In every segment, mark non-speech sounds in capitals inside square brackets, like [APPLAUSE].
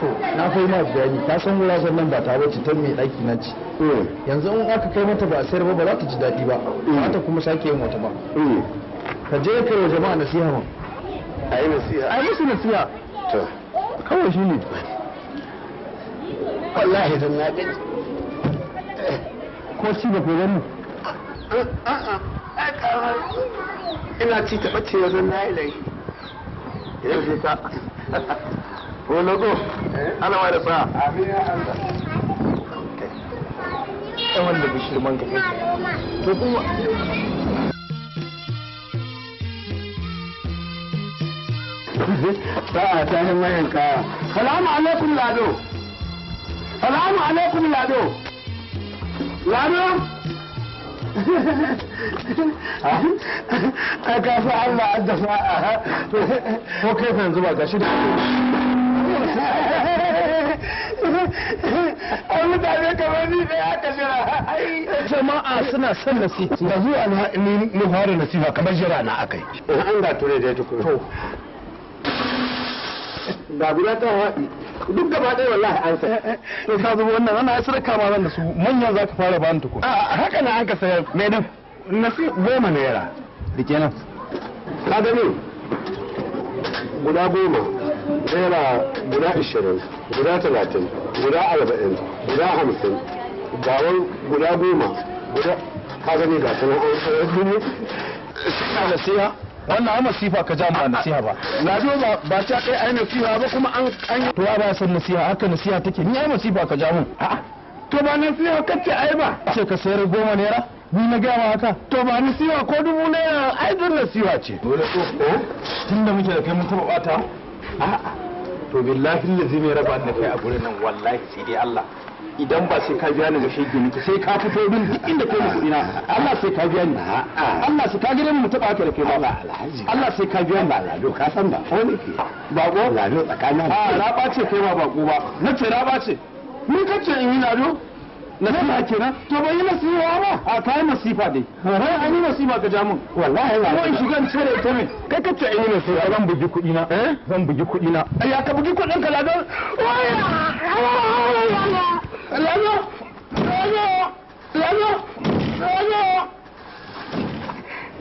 to na kai ma bayani ka san gurasar nan ba ta wuce ta mai daki nan ci mm. yanzu in aka kai mata ba a sayar ba ba za ta ji daɗi ba ba mm. ta kuma sake yin wata ba mm. ka je ka yi jama'a nasiha mun a yi nasiha a yi nasiha to kawai shi ne wallahi don na gaji ko ci da ko gani ina ci taɓa ce yanzu na yi laifi idan ka [LAUGHS] ko lotso ana ma da sa ta wanda bishirman ka kai to kuma sa'a ta yi mayan kaya salamu alaikum lado salamu alaikum lado lado [LAUGHS] a kafin Allah an dafa ko kai ba gashi da a mutane kamar ni da ya kashira jama'a suna son nasiha da zuwa na ni fara nasiha kamar jira na akai an ga ture da ya tukuru ga guda ta haɗi duk gaba ɗaya wallahi an sai to eh, eh, eh, ka zubo wannan ana ya sadaka ma zan da su manyan ka fara ba ni tukuru a haka na an ka sayar me nan nasi goma naira dike nan ka gani guda goma naira guda ishirin guda talatin guda arba'in guda hamsin gawar guda goma guda ka gani ga sanar an sanar dubu nasiha wannan amma masifa ka jama nasiha ba na zo ba ba ta kai ai nasiha ba kuma an an to ba san nasiha haka nasiha take ni amma masifa ka jama'a a'a to ba nasiha kace ai ba ce ka sayar goma naira ni na gaya haka to ba nasiha ko dubu naira ai dun nasiha ce dole ko eh? tunda muke da kai mun taba bata to billahi lazi mai raba da kai a gurin nan wallahi sai dai Allah idan ba sai ka biya ni ba shi gini sai ka fito min duk inda kai musu ina Allah sai ka biya ni Allah sai ka gidan mu taba ka da kai ba alhaji Allah sai ka biya ni alhaji ka san ba ko ne ke bako alhaji tsakanin a na bace kai ba bako ba nace na bace mun kace in yi lado nasiha kenan to bai yi wa ba a kai masifa dai ran an yi masifa ka ja mun wallahi ko in shiga cire ta me kai kace an yi nasiha zan bugi kuɗi na eh zan bugi kuɗi na ya ka bugi kuɗin ka ladan waya ladan ladan ladan ladan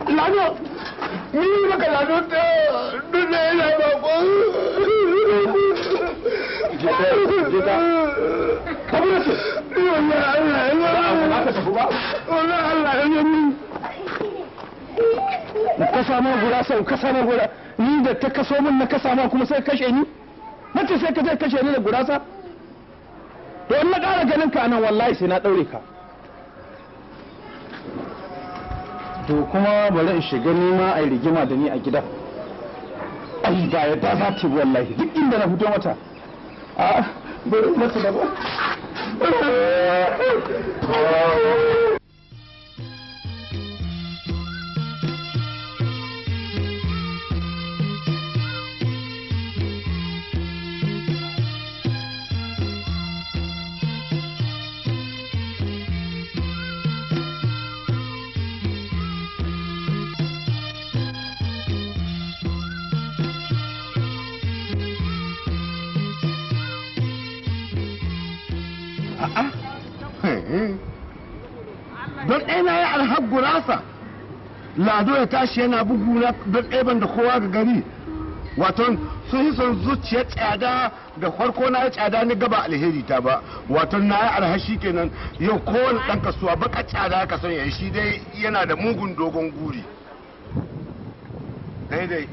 ladan ni maka ladan ta dole yana ba ko jita jita kabura ka samu gura sau ka samu gura ni da ta kaso min na ka samu kuma sai kashe ni mace sai ka je kashe ni da gurasa to in na ƙara ganin ka nan wallahi sai na ɗaure ka to kuma bari in shiga ma a rigima da ni a gida ai ba ya da za ta wallahi duk inda na fito mata ah, a bari mata da ba Oh, don ɗaya na yi alhab gurasa lado ya tashi yana bugu na don ɗaya da kowa ga gari waton sun yi son zuciya tsada da farko na yi tsada ni gaba alheri ta ba waton na yi alhashi kenan yau kowane ɗan kasuwa baka tsada ka son ya shi dai yana da mugun dogon guri daidai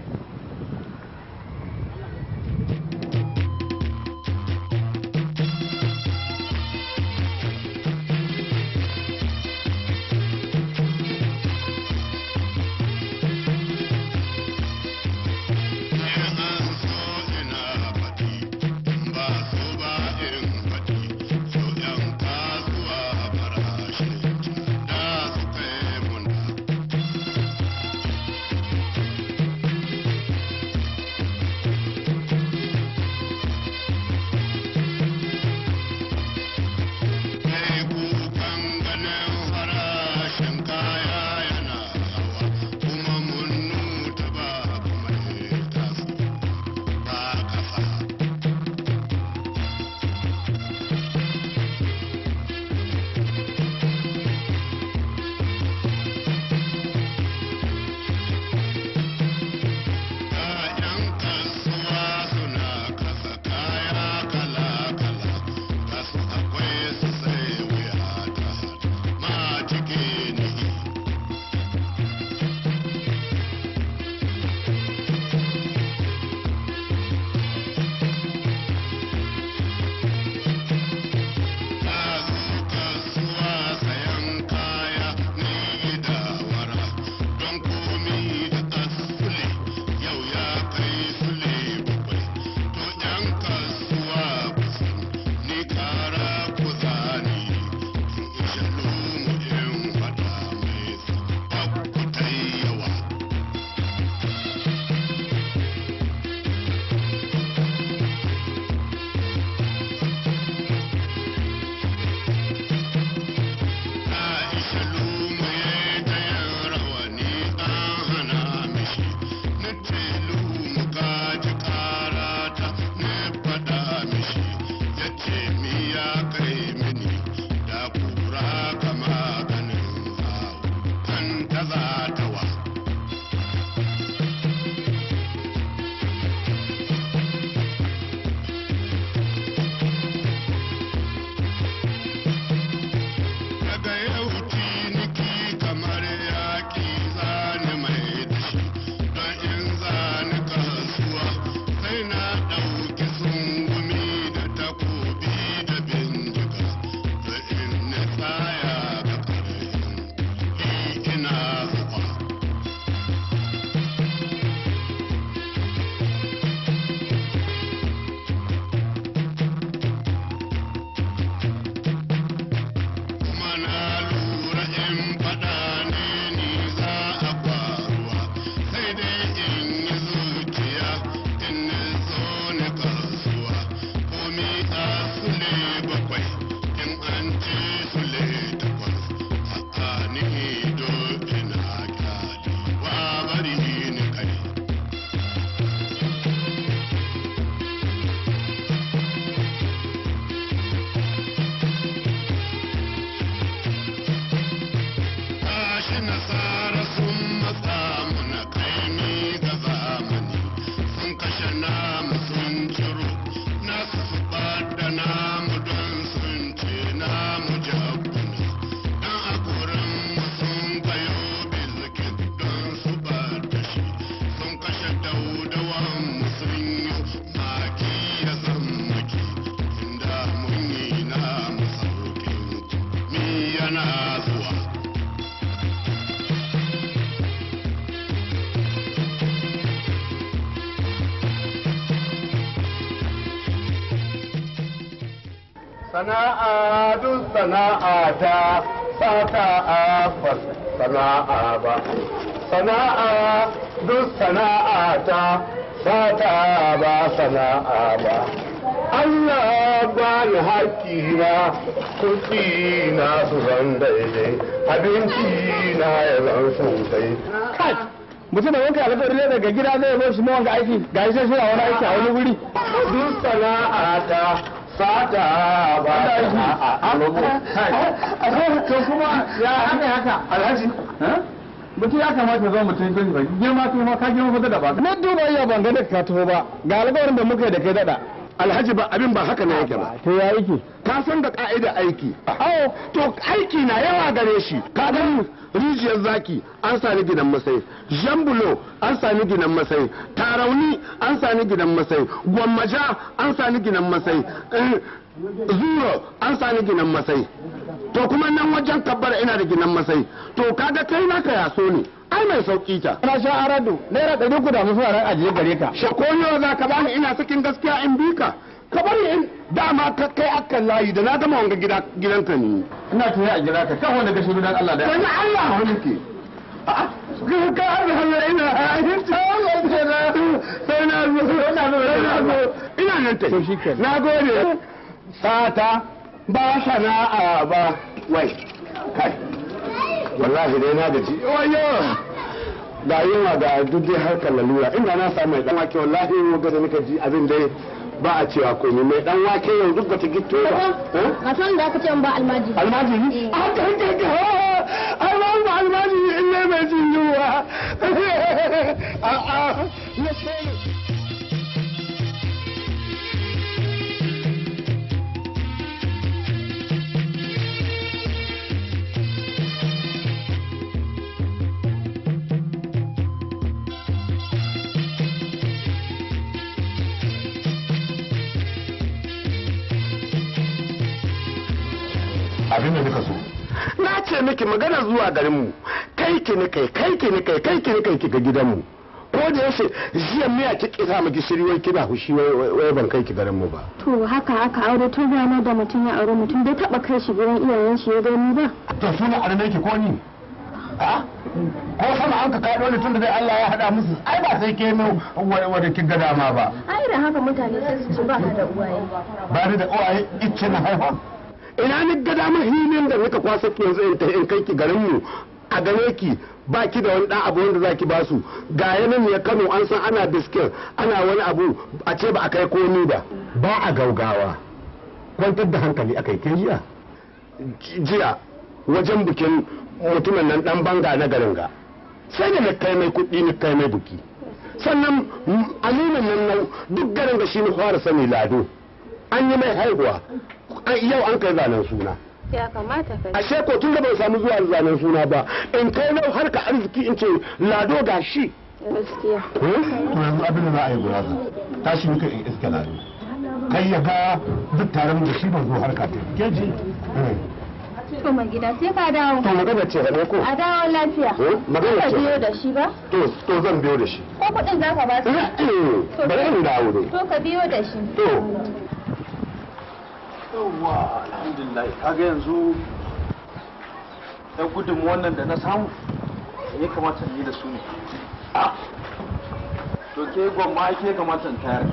sana'a ta sata a sana'a ba sana'a duk sana'a ta sata ba sana'a ba Allah ba ni haƙƙi na kuɗi na su zan daidai abinci na ya zan sosai mutum da wanka alfahari ne daga gida zai bar shi mawanka aiki ga shi sai suna wani aiki a wani wuri duk sana'a ta fata ba a lobo ah, ah, ah, to kuma ya haka haka alhaji mutum ya kamata zama mutum gani ba girma kuma ka girma fa da ba na duba iya ban ga ka ba ga alƙawarin da muka yi da kai daɗa. alhaji ba abin ba haka na yake ba to ya yake ka san da ka'ida aiki awo to aiki na yawa gare shi ka ga rijiyar zaki an sami gidan masai jambulo an sami gidan masai tarauni an sami gidan masai gwammaja an sami gidan masai eh, zuro an sani ginan masai to kuma nan wajen kabbar ina da ginan masai to kaga kai naka yaso ne ai mai sauki ta na sha arado naira ɗari da musu a ajiye gare ka shakoyo za ka bani ina sakin gaskiya in bi ka ka bari in dama ka kai akan layi da na gama wanga gida ka ne ina tuni a gida ka kan wanda ka shiru dan Allah da dan Allah wani ke ah, ka har hanyar ina ayin ta Allah ke na sai na zo ina nan ta to shikenan nagode sata ba sana'a ba wai kai wallahi dai na gaji wayo ga yawa ga dudde harkar lalura inda na samu mai dan wake wallahi mu ga da nika ji abin dai ba a cewa komai mai dan wake yau duk bata gitto ba ka eh? san da ka ce ba almaji almaji eh. a ah, haka haka ta oh, oh, ai ba almaji in ne mai jin a a ne sai abin da nika so na ce miki magana zuwa garinmu kai ki ni kai kai ki ni kai kai ki ni kai ki ga gidanmu ko da yaushe jiya miya ki kisa miki shiri wai kina hushi wai ban kai ki garin mu ba to haka haka aure tun ranar da mutum ya aure mutum bai taba kai shi gidan iyayen shi ya ni ba to su ne arne ki ko ni ha ko sama an ka kai dole tun da dai Allah ya hada musu ai ba sai ke mai wani kin ga dama ba ai da haka mutane sai su ci ba da uwaye ba da uwaye icce na haihuwa ina ni ga damar hilin da nika kwasa ki yanzu in ta in kai ki garin mu a gare ki ba ki da wani dan abu wanda zaki ba su ga yanan ya Kano an san ana biskin ana wani abu a ce ba a kai komi ba ba a gaugawa kwantar da hankali a kai jiya jiya wajen bikin mutumin nan dan banga na garin ga sai da na kai mai kuɗi na kai mai buki sannan alimin nan nau duk garin ga shi na fara sani lado an yi mai haihuwa yau an kai zanen suna ya ko tun da ban samu zuwa zanen suna ba in kai nau har ka arziki in ce lado ga shi gaskiya eh? to yanzu abin da za a yi gurasa tashi muka in iska lado kai ya ga duk taron da shi ban zo harka ta keji eh. to mai gida sai ka dawo to magana ce da ko a dawo lafiya eh, magana ce biyo da shi ba to to zan biyo da shi ko kudin ka ba su to bari in dawo dai to ka biyo da shi to yawwa alhamdulillah kaga yanzu ya gudun wannan da na samu ya kamata yi da su ne to ke gwamma ke kamata tayar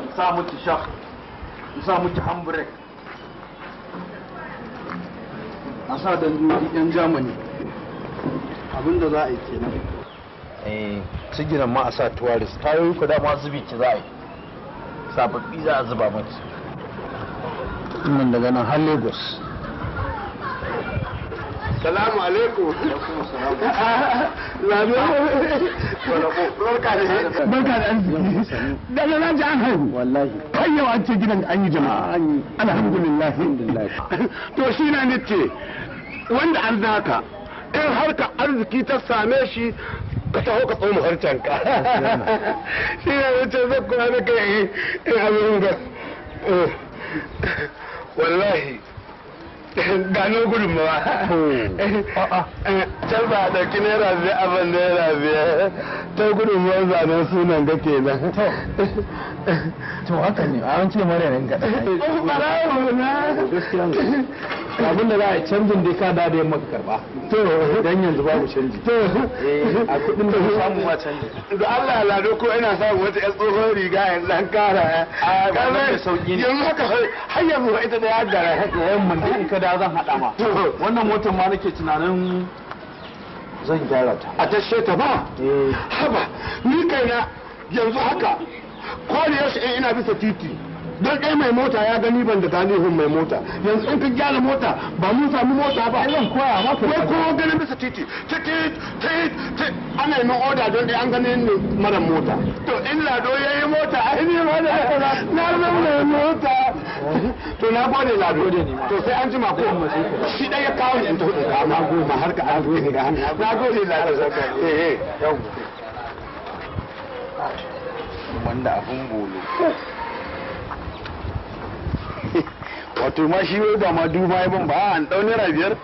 in sa miki shaf in sa miki handbrake a sa danjoji yan jamani abinda za a yi kenan eh sigiran ma a sa tuwaris tayoyi ku dama zubi ki za a yi sababbi za a zuba maki nan daga nan har lagos salamu alaikum barka da arziki daga na ji an haihu wallahi kai an ce gidan an yi jama'a ah, alhamdulillah to shi na wanda an zaka in ka arziki ta same shi ka taho ka tsoma harcen shi na nace zai kuma na kai abin ga eh. wallahi [LAUGHS] gano gudunmawa hmm. [LAUGHS] eh, eh, ta ba a ɗauki naira biyar abin naira biyar ta gudu ruwan zanen sunan ga nan to haka ne a wancan mara yanayin ga abin da za a canjin da ka da da yamma karba to dan yanzu babu canji to eh, a kudin da samu ma canji da Allah lado ko ina samu wata yar tsohon riga yanzu an kara a da sauki ne yanzu haka har yanzu ita da ya gara haka yamma da in ka da zan hada ma wannan motar ma nake tunanin zan gyara ta a tashe ta ba eh. haba ni kaina yanzu haka ko shi yaushe ina bisa titi don kai mai mota ya gani ban da tarihin mai mota yanzu in ka gyara mota ba mun samu mota ba ayyan koya maka wai ko ganin bisa titi titi titi ana yi oda don dai an gani ne mara mota to in lado ya yi mota a ni ma da na zama mota to na gode lado ne to sai an jima ko shi dai ya kawo ni in ta hudu ma goma har ka an gode na gode lado eh, eh. wanda abin bolo wato ma shi wai ba ma duba ya ban ba an dau naira biyar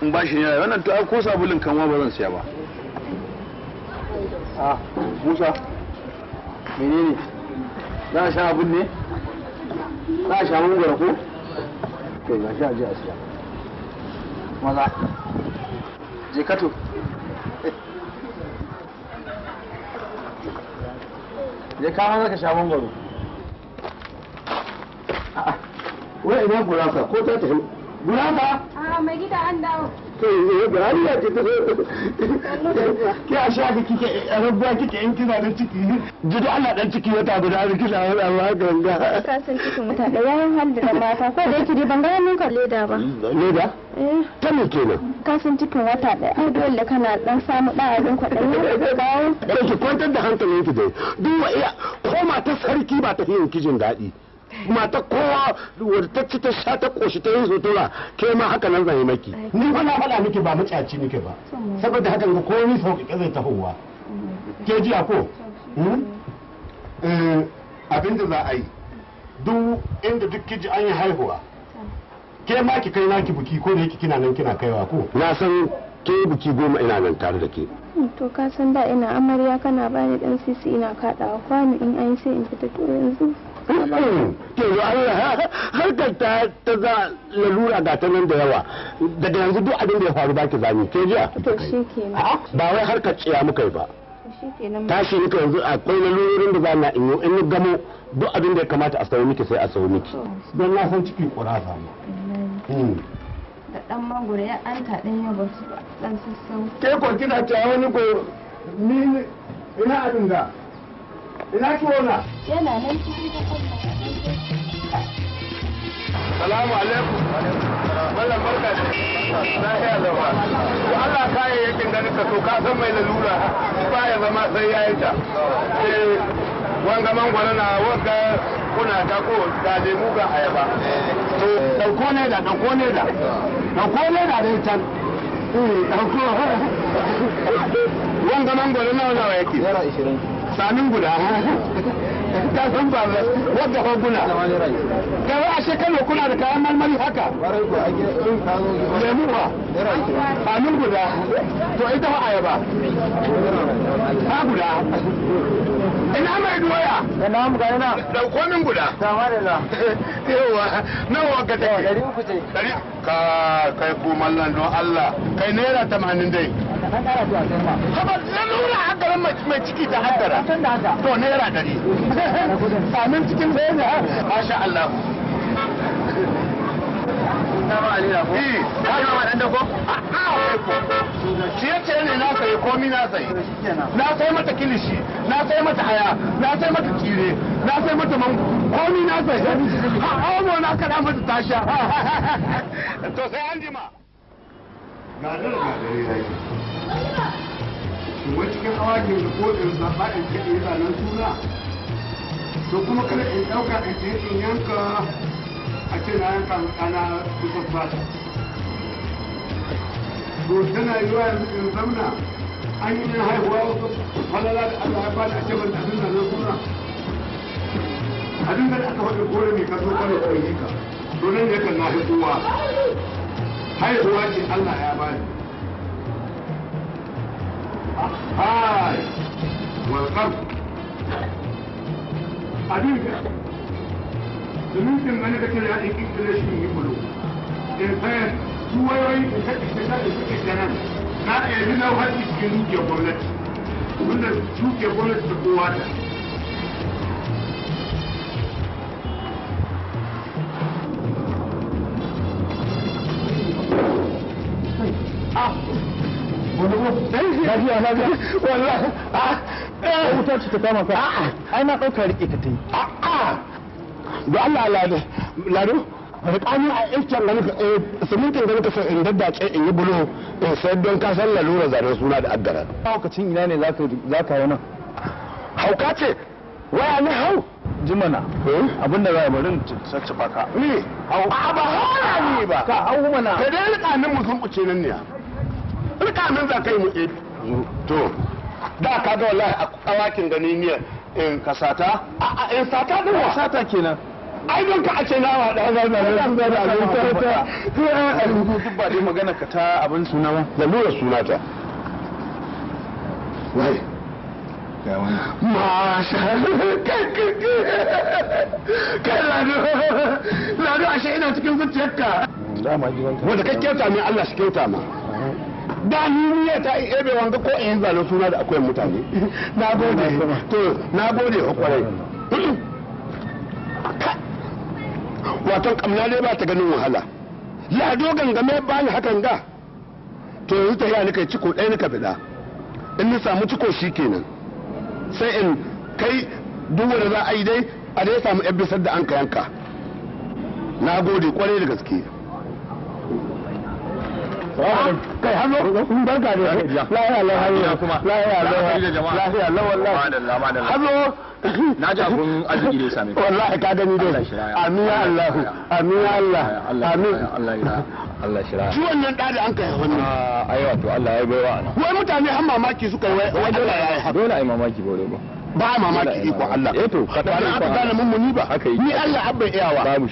in ba shi naira wannan to ai ko sabulin kan ma ba zan siya ba a musa menene za a sha abun ne za a sha mangwara ko to ga shi a je a siya maza je kato [LAUGHS] je ka hana ka sha mangwaro wai ina gurasa ko ta tafi gurasa a ah, mai gida an dawo eh, ce ta ke a sha ki kike rabuwa kike in kina da ciki jido Allah dan ciki wata guda da kina wani amma ganga ka cikin wata da yayin da mata ko da yake ban ga mun ka leda ba hmm, leda eh ta me kenan cikin wata da ai dole kana dan samu [LAUGHS] da abin sarki ba ta yin kijin daɗi mata kowa ta ci ta sha ta koshi ta yin sutura ke ma haka nan zai maki ni ba na faɗa miki ba mutaci miki ba saboda haka ga komai sauƙaƙe zai tahowa ke jiya ko hmm? eh, abinda za a yi duk inda duk kiji an yi haihuwa ke ma ki kai naki buki ko da yake kina nan kina kaiwa ko na san ke buki goma ina nan tare da ke hmm, to ka san da ina amarya kana bani dan sisi ina kaɗawa kwani in an sai in fita to yanzu to Allah harkar ta ta za lalura ga ta nan da yawa daga yanzu duk abin da ya faru baki zani ke jiya to shikenan ba wai harkar tsaya muka yi ba tashi muka yanzu akwai lalurorin da za na in yi gamo duk abin da ya kamata a sauri miki sai a sauri miki don na san ciki kura samu da dan mangoro ya an ta dan su dan sassau ke ko kina ta wani ko ni ina abin da ina tuwona yana nan cikin Salamu alaikum. Mallam barka Na lafiya zama. To Allah kayayyakin ganin ka so ka san mai lalura ba ya zama sai ya yi ta. Eh, wanga mangwana na wanga kuna ta ko ga lemu ga ayaba. To dauko ne da dauko ne da. Dauko ne da dai can. Eh, [LAUGHS] wanga mangwana nawa nawa yake? Naira 20. sanin guda ta san ba wadda hoguna wa ashe shekaru kuna da kayan marmari haka lemuwa sanin guda to ita ba ayaba ta guda ina mai doya ina mu ga ina dauko min guda sama da la [LAUGHS] yawa nawa ga take dari uku ce dari ka kai ku mallan don Allah kai naira 80 dai an kara zuwa sai ma mai ciki ta hadara to naira 100 [LAUGHS] amin cikin bayan masha Allah ciye-ciye ne na sayi komi na sayi na sai mata kilishi na sai mata haya na sai mata kire na sai mata man komi na sayi ha omo na kada mata tasha to sai an jima ga dare ga dare ya wani cikin hawa ke da kodin zaɓa in kaɗe yana nan suna to kuma kada in ɗauka in ce in yanka a ce na yanka ana kusan bata to tana yiwa yanzu in zamna an yi na haihuwa wasu falala da Allah ya bada a ce ban da abin zan suna abin da aka faɗi gore ne ka zo kare koyi ka to nan ne kan na haihuwa haihuwa ce Allah ya bani hai wal qalb zunubin wani da kira da kin kira shi yi bulu in eh, fayan su wayoyi da ta isa ta isa ke jaran na ɗaya na wani cikin dukiya gwamnati wanda dukiya gwamnati a ah, ah. ah. na ɗauka ka da Allah lado rikani a iskiyar da muka eh, simintin da muka san in daddace in yi bulo in sai don ka san lalura zanen suna da addara lokacin ina ne za ka yi nan hauka ce waya ne hau jimana eh? abinda za a bari in baka ni hau a ba hau ne ba ka hau mana ka dai rikanin mu sun kuce nan ne rikanin za ka yi mu to da ka ga wallahi a kawakin gani miyar in kasata a in sata din wa sata kenan ai don ka a ce nama da za ta da da ta ta ba dai magana ka ta abin suna ba lalura suna ta wai Masha kai lado lado ashe ina cikin zuciyarka wanda ka kyauta mai Allah shi kyauta ma da ni niyya ta yi ebe wanga ko in zalo suna da akwai mutane [LAUGHS] na gode to na gode oh, kwarai waton kamna ne ba ta ganin wahala ya gangame ba ni hakan ga to yanzu ta ni kai ciko ɗaya nika bida in ni samu ciko shi kenan sai in kai duk wanda za a yi dai a dai samu yan bisar da an ka yanka na gode kwarai da gaske kai hannu na ji abun arziki da sami. same ka wallahi ka gani amin ya Allah amin ya Allah amin Allah ya Allah shira shi wannan da an kai wannan ah, ai wato Allah ya baiwa ana wai mutane har mamaki suka yi wai dole ya yi haka dole mamaki bore ba ba mamaki iko Allah eh to kada aka gane mun muni ba ni Allah abba iyawa babu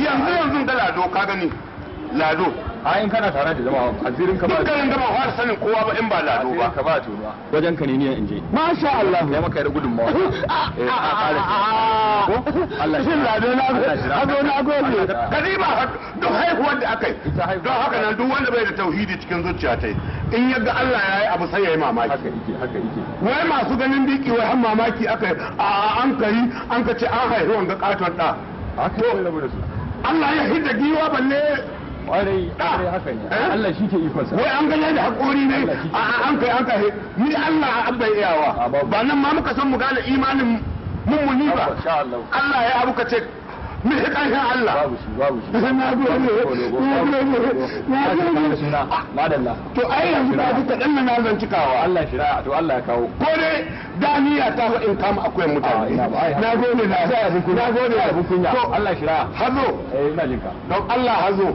yanzu yanzu dala zo ka gani lado a in kana tare da jama'a A ka ba dukkanin da ba fara sanin kowa ba in ba lado ba ka ba turuwa wajen ka ne ni in je masha Allah ya maka da gudunmawa [LAUGHS] eh a kare ah, ah, ah. ko Allah shi lado na go na go ne ba duk haihuwar da akai don haka nan duk wanda bai da tauhidi cikin zuciya ta in yaga Allah ya yi abu sai ya yi mamaki haka yake haka yake wai masu ganin diki wai har mamaki akai a an kai an ka ce an haihuwan ga katon da Allah ya hidda giwa balle kwarai kwarai haka ne eh? Allah shi ke ikonsa wai an ga da hakuri ne an kai an kai ni Allah an bai ba nan ma muka san mu gane imanin mummuni ba Allah ya abu ka ce mai ƙarfin Allah babu shi babu shi na gode na gode na madalla to ai yanzu ba duka dan na zan cikawa Allah shira to Allah ya kawo ko dai daniya ta in kama akwai mutane na gode na na gode to Allah shira hazo eh ina jinka don Allah hazo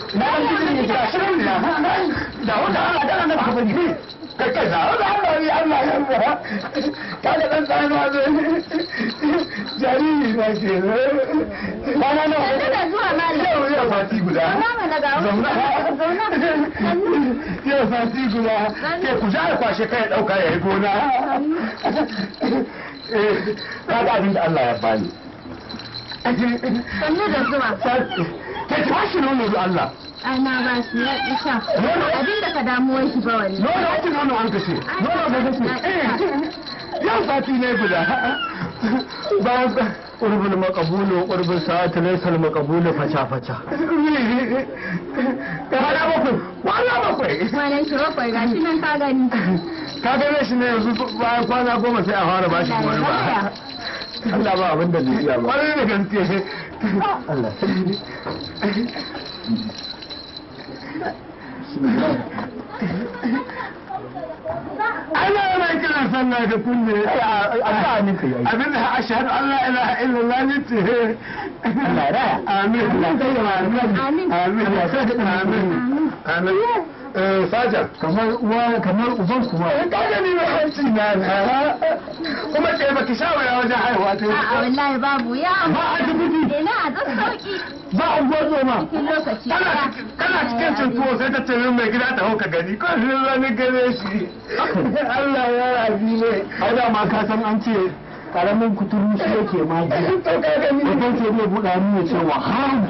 na an gidan ya ga shirin na da wata Allah da Allah ka bani ka ka da Allah ne Allah ya Allah ka da dan tsaya ma zai jariri na ke na na na da zuwa ma mali yau yau fati guda mama na ga zauna yau fati guda ke ku ja kwashe kai dauka yayi gona eh ka ga abin da Allah ya bani sannu da zuwa ka kira shi nono da Allah ana ba shi ya isa abin da ka damuwar shi ba wani nono ake nono an kashe nono da kashe eh, yau fati ne guda ba قرب المقبول وقرب الساعة ليس المقبول فشا فشا wala bakwai wala bakwai wala shi bakwai gashi nan ka gani ka gane shi ne yanzu bayan kwana goma sai a fara bashi ba Allah ba abin da zai iya ba kwarai da gaske Allah Allah yana kiran sallah da kunne Allah ne kai abin da ashhadu an la ilaha illallah ne ce Allah da amin amin amin amin amin Eh, kamar uwa kamar uban kuma eh, kaga ni na hanci na na kuma ce baki shawara wajen haihuwa ta a wallahi babu eh, ba a na da sauki ba a kana cikin cintuwo sai ta ce mai gida ta ka gani ko shi shi Allah ya rabi ne ai da ma ka san an ce karamin kuturu shi yake magiya idan ce zai buɗa nuna cewa haru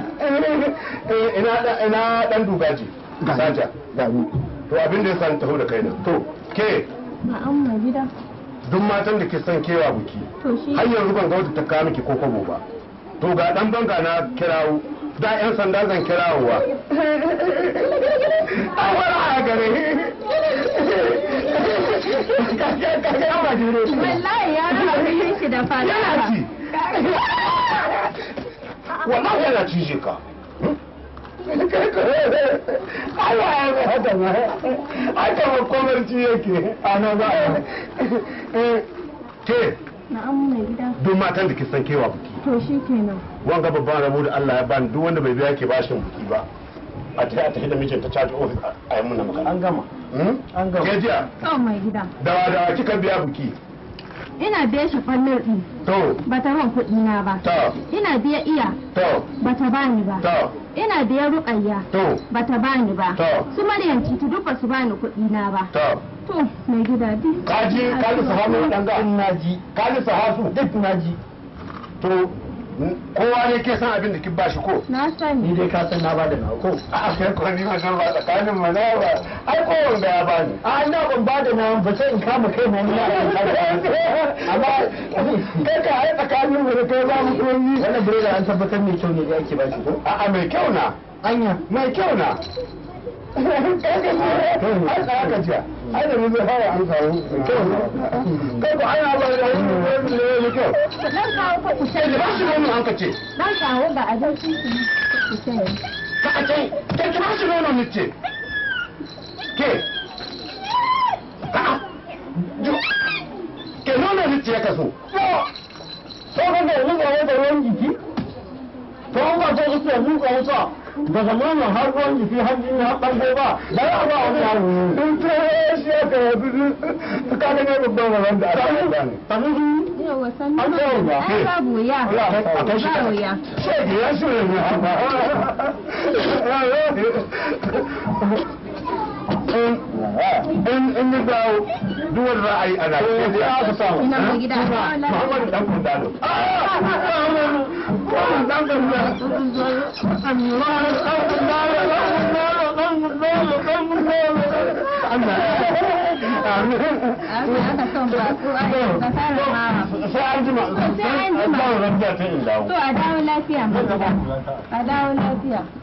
ina dan dubaji gaja gani to abin da ya sani taho da kai nan to ke mai gida duk matan da ke son kewa buki har yanzu ban ga wata takka miki ko kwabo ba to ga dan banga na kirawo da yan sanda zan kirawowa wa. a gare wallahi ya shi da [LAUGHS] wallahi yana cije ka haka ma haka ma kwamarci yake ana ba eh, ke duk matan da kisan kewa buki to shi kenan wanga babban rabu da Allah ya bani duk wanda bai biya ke bashin buki ba a tafi a tafi da ta caji ofis a yi muna magana an gama hmm? an gama gajiya oh mai gida dawa dawa kika biya buki ina biya shi kwallo ɗin to ba ta ran kuɗi na ba to ina biya iya to ba ta bani ba to ina biya ruƙayya to ba ta bani ba to su maryam titi duk ba su bani kuɗi na ba to to mai gida duk kaji kaji su hannu ɗan ga ina ji kaji su hasu duk na ji to kowa ne ke san abin da kin bashi ko na sani ni dai ka san na bada na ko a kai ko ni ba san ba tsakanin mu na ba ai ko wanda ya bani a ina ban da na ba sai in kama kai mu na amma kai ka ai tsakanin mu da kai ba mu ko ni wannan da an tabbatar mai kyau ne da ake bashi ko a'a mai kyau na anya mai kyau na har ka ce ka da ka fara ka samu ka ko ka ba ka yin ka da ka ko ka kawo ka sai ka bashi ka an ka nan ka ba abinci ka ba a ce ka ki K'a nono ne ce ka a'a ke nono ne ce ka so ko ko da ka ga k'a jiki ko ba ta ka mun ka 那个没有，哈尔滨人比哈还干净吧？哪有吧？我跟你讲，你这说起来，我就是不干净都不懂了，哈哈哈哈 in in ni dawo a yi eh, ya ku samu Muhammadu dan Kundalo dan Kundalo dawo lafiya. A dawo lafiya.